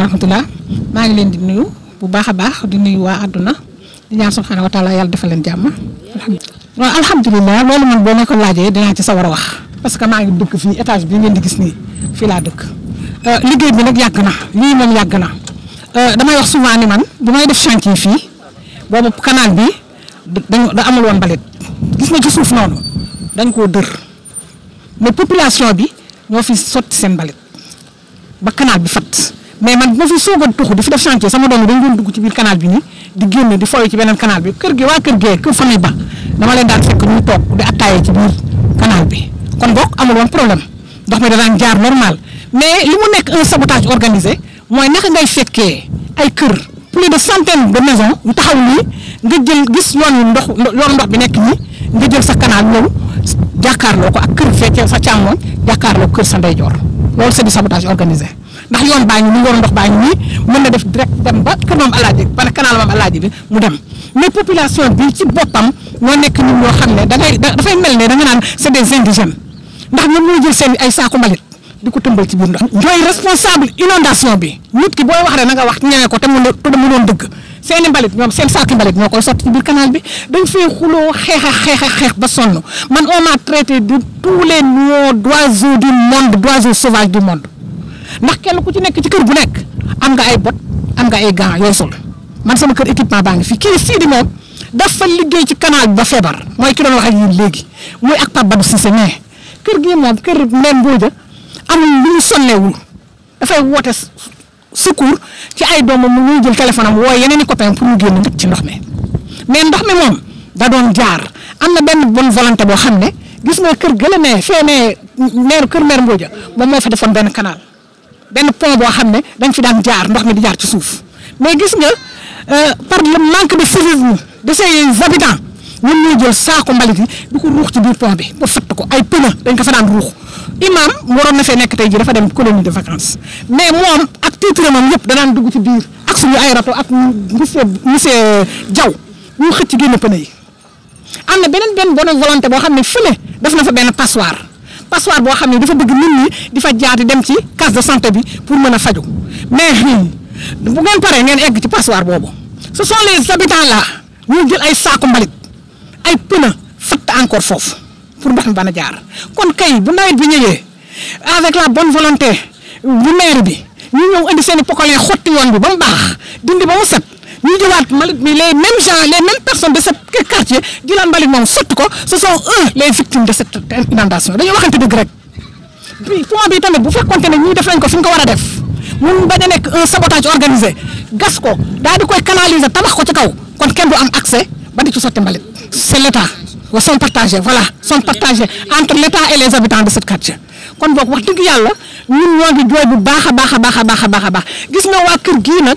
wa rahmatullah maa ngi len di nuyu bu baakha baax di nuyu wa aduna di ñaan subhanahu wa taala yalla defal len jamm waaw alhamdulilah loolu man bo ma laaje dina ci sawara wax parce que ma ngi dëkk fi étage bi ngeen di gis ni fi la dëkk euh, liggéey bi nak yag na lii mom yag na euh, dama wax souvent ni man bu may def chantier bo bu canal bi dañ da amul won mbalit gis na ci suuf nonu dañ ko deur mais population bi ñoo fi sotti sen mbalit ba canal bi fat mais man bu ma fi soog a tuxu di def chantier sama doom yi dañu doon dugg ci biir canal bi nii di génn di foy ci beneen canal bi kër gi waa kër gee kër famille ba dama leen daan fekk ñuy toog di attaaya ci biir canal bi kon bokk amul woon problème ndox mi danaan jaar normal mais li mu nekk un sabotage organisé mooy naka ngay fekkee ay kër plus de centaines de maisons yu taxaw nii nga jël gis yoon ndox yoon ndox bi nekk nii nga jël sa canal jàkkaar loo ko ak kër fekkee sa càmmoñ jàkkaarloo kër sa ndeyjoor loolu c'est du sabotage organisé ndax yoon baa ngi nii waru ndox baa nii mën na def direct dem ba kër maam alaaji ba canal bi mu dem mais population bi ci boppam ñoo nekk ñun ñoo xam ne da ngay dafay mel ne da naan c'est des indigènes ndax ñoom ñoo jël seen ay saako mbalit di ko tëmbal ci biir ndox ñooy responsable inondation bi nit ki booy wax rek na nga wax ñaane ko te mu doon dëgg seeni mbalit ñoom seen saaki mbalit ñoo koy sotti ci biir canal bi dañ fee xuloo xeex a xeex xeex ba sonn man on m'a traité de tous les noms d'oiseaux du monde d'oiseaux sauvages du monde ndax kenn ku ci nekk ci kër gu nekk am nga ay bot am nga ay gants yoo sol man sama kër équipement baa ngi fi kii sii di moom dafa liggéey ci canal ba feebar mooy ki doon wax ak yéen léegi muy ak Pape Badou Cissé mais kër gi moom kër meen mbooja amul lu mu sonnewul dafay woote secours ci ay doomam mu ñuy jël téléphone am woo yeneen i copain pour ñu génn nit ci ndox mi mais ndox mi moom da doon jaar am na benn bonne volonté boo xam ne gis nga kër gëla ne fee ne maire kër maire mbooja moom moo fa defoon benn canal benn pont boo xam ne dañ fi daan jaar ndox mi di jaar ci suuf mais gis nga euh, par la manque de civisme de ses habitants ñun ñoo jël saako mbalit yi di ko ruux ci biir pont bi ba fatt ko ay pneu dañ ko fa daan ruux imam waroon na fee nekk tey ji dafa dem colonie de vacances mais moom ak titre moom yëpp danaan dugg ci biir ak suñu ay rato ak monsieur monsieur Diaw ñu xëcc génn pneu yi am na beneen benn bonne volonté boo xam ne fu def na fa benn passoire passoire boo xam ne dafa bëgg nit ñi di fa jaar di dem ci case de santé bi pour mën a faju mais bu ngeen paree ngeen egg ci passoire boobu ce sont les habitants là ñu jël ay saaku mbalit ay pneu fatt encore foofu pour mbax mi ban a jaar kon kay bu nawet bi ñëwee avec la bonne volonté bu maire bi ñu ñëw indi seen i xotti yoon bi ba mu dindi ba mu set ñu jëwaat mbalit mi les mêmes gens les mêmes personnes de ce quartier jëlaat mbalit moom sotti ko ce sont eux les victimes de cette inondation dañoo waxante dëgg rek. puis point bi tamit bu fekkonte ne ñu def nañ ko fu ñu ko war a def mun bañ a nekk un sabotage organisé gas ko daal di koy canaliser tabax ko ci kaw kon kenn du am accès ba di ci sotti mbalit c' est l' état wa sont partagés voilà sont partagés entre l' état et les de ce quartier. kon boog wax dëgg yàlla ñun ñoo ngi jooy bu baax a baax a baax a baax a baax gis nga waa kër gii nag.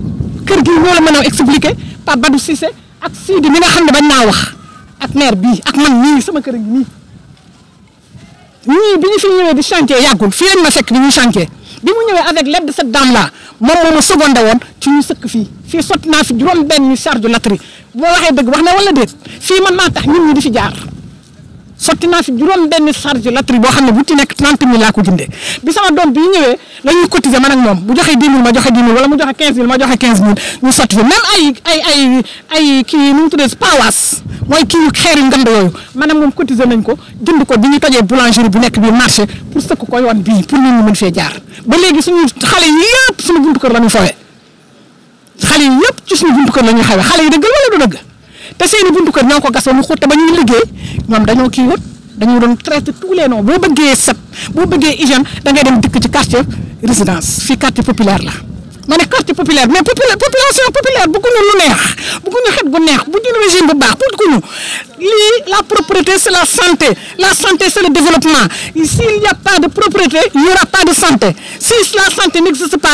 kër gi ñoo la mën a expliquer Pape Badou Cissé ak Sidi mi nga xam ne bañ naa wax ak maire bii ak man ñii sama kër gi nii ñii bi ñu fi ñëwee di chantier yàggul fii lañ ma fekk bi ñuy chantier bi mu ñëwee avec l'aide de cette dame là moom moo ma secondé woon ci ñu sëkk fii fii sotti naa fi juróom benn ñu charge latri boo waxee dëgg wax na wala déet fii man naa tax ñun ñi di fi jaar sotti naa fi juróom benn charge latri boo xam ne bu ci nekk trente mille laa ko jëndee bi sama doom bii ñëwee la ñuy cotiser man ak moom bu joxee dix mille ma joxe dix mille ma joxe ñu sotti fi même kii nu mu mooy kii xeer yu ngand yooyu maanaam moom cotiser nañ ko jënd ko bi ñu tojee boulangerie bu nekk bi marché pour sëkk ko yoon bii pour nit ñi mën fee jaar ba léegi suñu xale yi yëpp suñu buntu kër la ñu fawee xale yi yëpp ci suñu buntu kër la ñu xawee xale yi dëggal wala du dëgg te seeni buntu kër ñoo ko gasoon mu xóot te ba ñuy liggéey ñoom dañoo kii woon dañoo doon traité tous les noms boo bëggee set boo bëggee hygiène da dem dikk ci quartier résidence fii quartier populaire la. ma ne quartier populaire mais popula population populaire bëgguñu lu neex bëgguñu xet gu neex bëgguñu régime bu baax bëgguñu lii la propreté c'est la santé la santé c'est le développement s'il n'y a pas de propreté il n'y pas de santé si la santé n'existe pas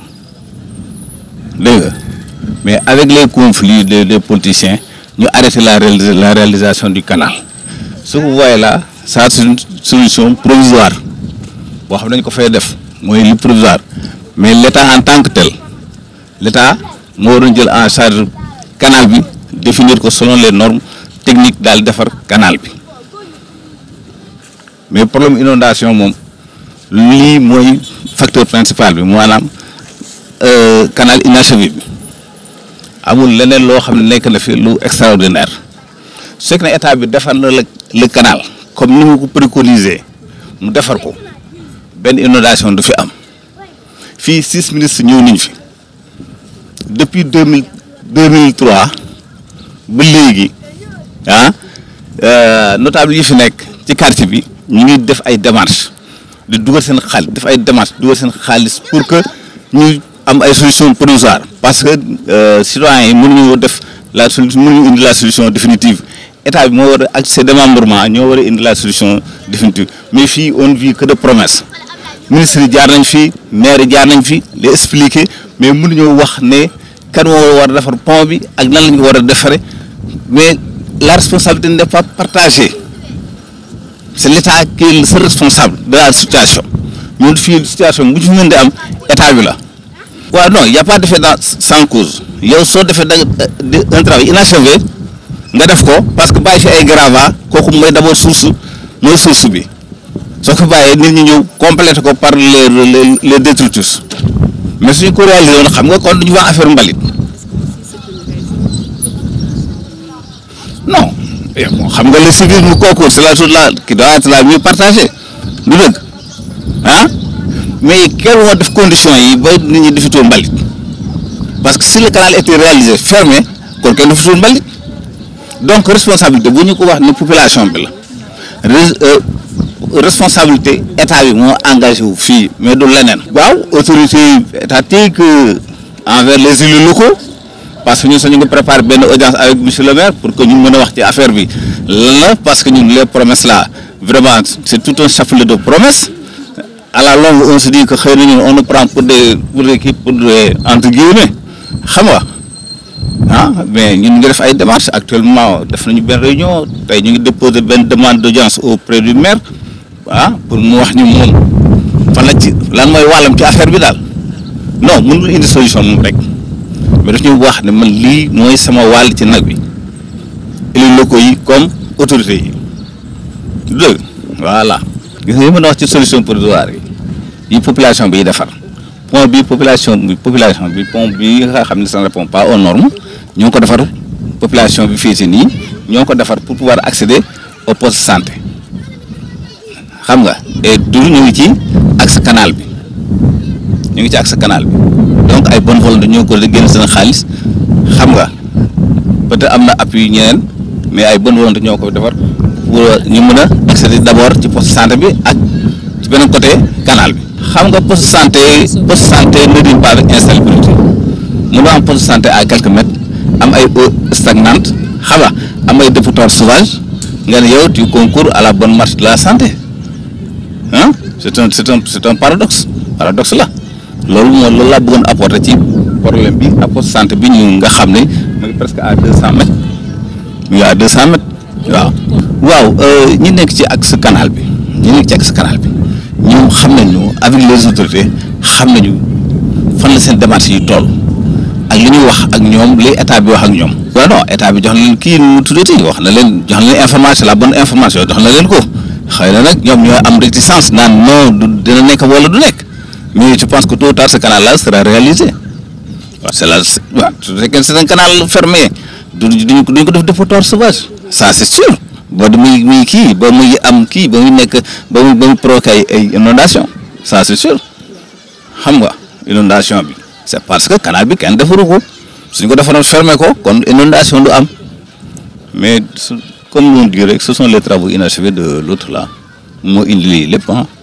mais avec les conflits des politiciens nous arrêtons la réalisation du canal ce que vous voyez là c'est une solution provisoire Vous xam nañ ko fay def provisoire mais l'État en tant que tel l'État il waroon en charge canal bi définir selon les normes techniques dans le canal bi mais problème inondation c'est le facteur principal moi Euh, canal inachevé bi amul leneen loo xam ne nekk na fi lu extraordinaire su fekkee ne état bi defar na la le canal comme ni mu ko préconisé mu defar ko benn inondation du fi am fii six ministres ñëw niñ fi depuis deux mille deux mille trois ba léegi ah euh, notable yi fi nekk ci quartier bi ñu ngi def ay démarches di dugal seen xaalis def ay démarches dugal seen xaalis pour que ñu am ay solution provisoire parce que euh, citoyens yi mënuñu def la solution mënuñu indi la solution définitive état bi moo war des ak ses démembrements ñoo war indi la solution définitive mais fii on vit que de promesse ministre de jaar nañ fi maire yi jaar nañ fi di expliquer mais mënuñoo wax ne kan moo war a defar pont bi ak lan la war a mais la responsabilité n'est pas partagée c'est l'état qui est le seul responsable de la situation ñun fii situation bu ñu mën di am état bi la. waaw non y' a defee d'effet sans cause yow soo defee da un travail inachevé nga def ko parce que bàyyi fi ay gravats kooku mooy d' abord source mooy source bi soo ko bàyyee nit ñi ñëw complété ko par les les les détritus mais suñu ko réalisé woon xam nga kon duñu wax affaire mbalit non eh, xam nga le civisme kooku c'est la chose là qui doit être la mieux partagée du dëgg ah. mais quelles sont les conditions Parce que si le canal était réalisé fermé, que nous fait balai. Donc, responsabilité, vous nous population. la La euh, Responsabilité, l'État est engagé aux filles, mais de l'année. Autorité étatique euh, envers les élus locaux, parce que nous sommes préparés une audience avec M. le maire pour que nous puissions parler affaire. Là, parce que nous, les promesses là, vraiment, c'est tout un chapelet de promesses. à la longue on se dit que xëy nañu on nous prend pour des pour des kii pour entre guillemets xam nga ah mais ñun ngi def ay démarches actuellement def nañu benn réunion tey ñu ngi déposer benn demande d'audience auprès du maire ah pour mu wax ñu moom fan la ci lan mooy wàllam ci affaire bi daal non mënul indi solution moom rek mais daf ñu wax ne man lii mooy sama wall ci nag bi élus locaux yi comme autorités yi dëgg voilà mun nga wax ci solution pour provisoire yi bi population bi defar pont bi population bi population bi pont bi nga xamni sans ne répond pas aux normes ñoko defar population bi fété ni ñoko defar pour pouvoir accéder au poste santé xam nga et du ñu ngi ci axe canal bi ñu ngi ci axe canal bi donc ay bonne volonté ñoko gën sen xaliss xam nga peut-être amna appui ñeneen mais ay bonne volonté ñoko defar pour ñu mëna accéder d'abord ci poste santé bi ak ci benen côté canal bi xam nga poste santé poste santé ne rime pas avec insalubrité do am poste santé à quelques mètres am ay eau stagnante xam am ay dépotoir sauvage nga ne yow tu concours à la bonne marche de la santé hein c'est un c'est un c'est un paradoxe paradoxe là loolu mo loolu laa bëggoon apporter ci problème bi à poste santé bi ñu nga xam ne mu ngi presque à 200 mètres mu ngi à 200 mètres waaw waaw euh ñi nekk ci axe canal bi ñi nekk ci axe canal bi ñoom xam nañu avec les autorités xam ñu fan la seen démarche yi tool ak li ñuy wax ak ñoom li état bi wax ak ñoom. waaw non état bi jox na leen kii nu tuddati wax na leen jox na leen information la bon information jox na leen ko xëy na nag ñoom ñooy am réticence naan non du dina nekk wala du nekk mais je pense que tout ou tard ce canal là sera réalisé waaw c' est la waaw su fekkee c' canal fermé duñ ko duñ ko def def pour tort sauvage ça c' est ba muy muy kii ba muy am kii ba muy nekk ba muy ba muy provoqué ay inondation ça c'est sûr xam nga inondation bi c'est parce que canal bi kenn defaru ko suñ ko defaroon fermé ko kon inondation du am mais comme l'on dit rek ce sont les travaux inachevés de l'autre là moo indi li lépp ah